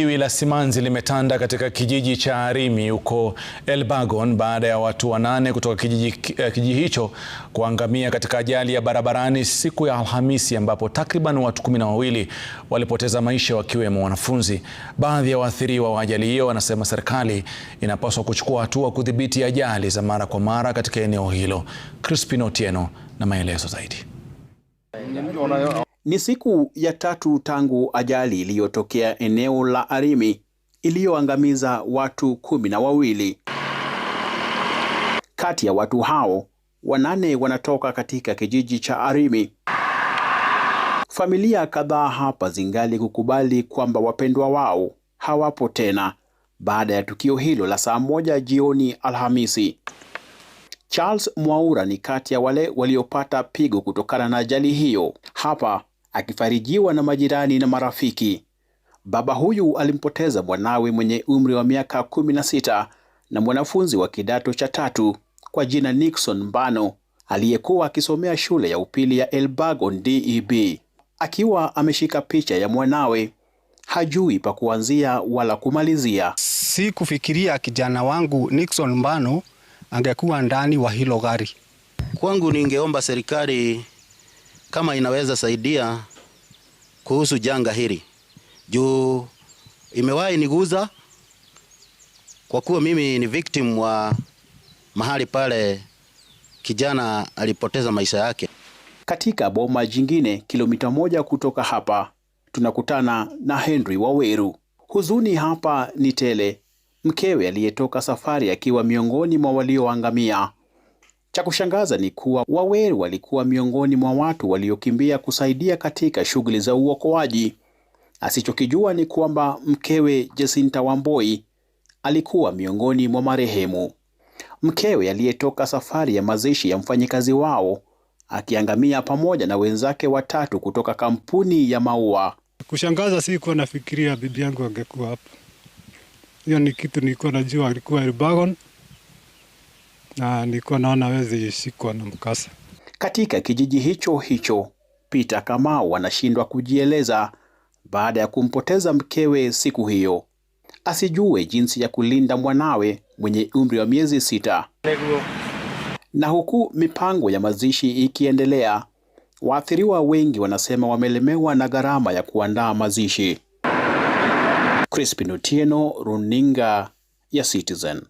Iwi la simanzi limetanda katika kijiji cha Arimi huko Elbagon baada ya watu wanane kutoka kijiji, eh, kijiji hicho kuangamia katika ajali ya barabarani siku ya Alhamisi ambapo takriban watu kumi na wawili walipoteza maisha wakiwemo wanafunzi. Baadhi ya waathiriwa wa ajali hiyo wanasema serikali inapaswa kuchukua hatua kudhibiti ajali za mara kwa mara katika eneo hilo. Crispin Otieno na maelezo zaidi. Ni siku ya tatu tangu ajali iliyotokea eneo la Arimi iliyoangamiza watu kumi na wawili. Kati ya watu hao wanane wanatoka katika kijiji cha Arimi. Familia kadhaa hapa zingali kukubali kwamba wapendwa wao hawapo tena baada ya tukio hilo la saa moja jioni Alhamisi. Charles Mwaura ni kati ya wale waliopata pigo kutokana na ajali hiyo. Hapa akifarijiwa na majirani na marafiki. Baba huyu alimpoteza mwanawe mwenye umri wa miaka kumi na sita na mwanafunzi wa kidato cha tatu kwa jina Nixon Mbano aliyekuwa akisomea shule ya upili ya Elbago DEB. Akiwa ameshika picha ya mwanawe, hajui pa kuanzia wala kumalizia. Si kufikiria kijana wangu Nixon Mbano angekuwa ndani wa hilo gari. Kwangu ningeomba serikali kama inaweza saidia kuhusu janga hili, juu imewahi niguza, kwa kuwa mimi ni victim wa mahali pale kijana alipoteza maisha yake. Katika boma jingine kilomita moja kutoka hapa tunakutana na Henry Waweru. Huzuni hapa ni tele, mkewe aliyetoka safari akiwa miongoni mwa walioangamia cha kushangaza ni kuwa Waweru walikuwa miongoni mwa watu waliokimbia kusaidia katika shughuli za uokoaji. Asichokijua ni kwamba mkewe Jacinta Wamboi alikuwa miongoni mwa marehemu. Mkewe aliyetoka safari ya mazishi ya mfanyikazi wao akiangamia pamoja na wenzake watatu kutoka kampuni ya maua. Kushangaza, sikuwa nafikiria bibi yangu angekuwa hapa. Hiyo ni kitu nilikuwa najua alikuwa Elbagon. Na ah, nilikuwa naona hawezi shikwa na mkasa. Katika kijiji hicho hicho, Peter Kamau anashindwa kujieleza baada ya kumpoteza mkewe siku hiyo. Asijue jinsi ya kulinda mwanawe mwenye umri wa miezi sita. Na huku mipango ya mazishi ikiendelea, waathiriwa wengi wanasema wamelemewa na gharama ya kuandaa mazishi. Crispin Otieno, Runinga ya Citizen.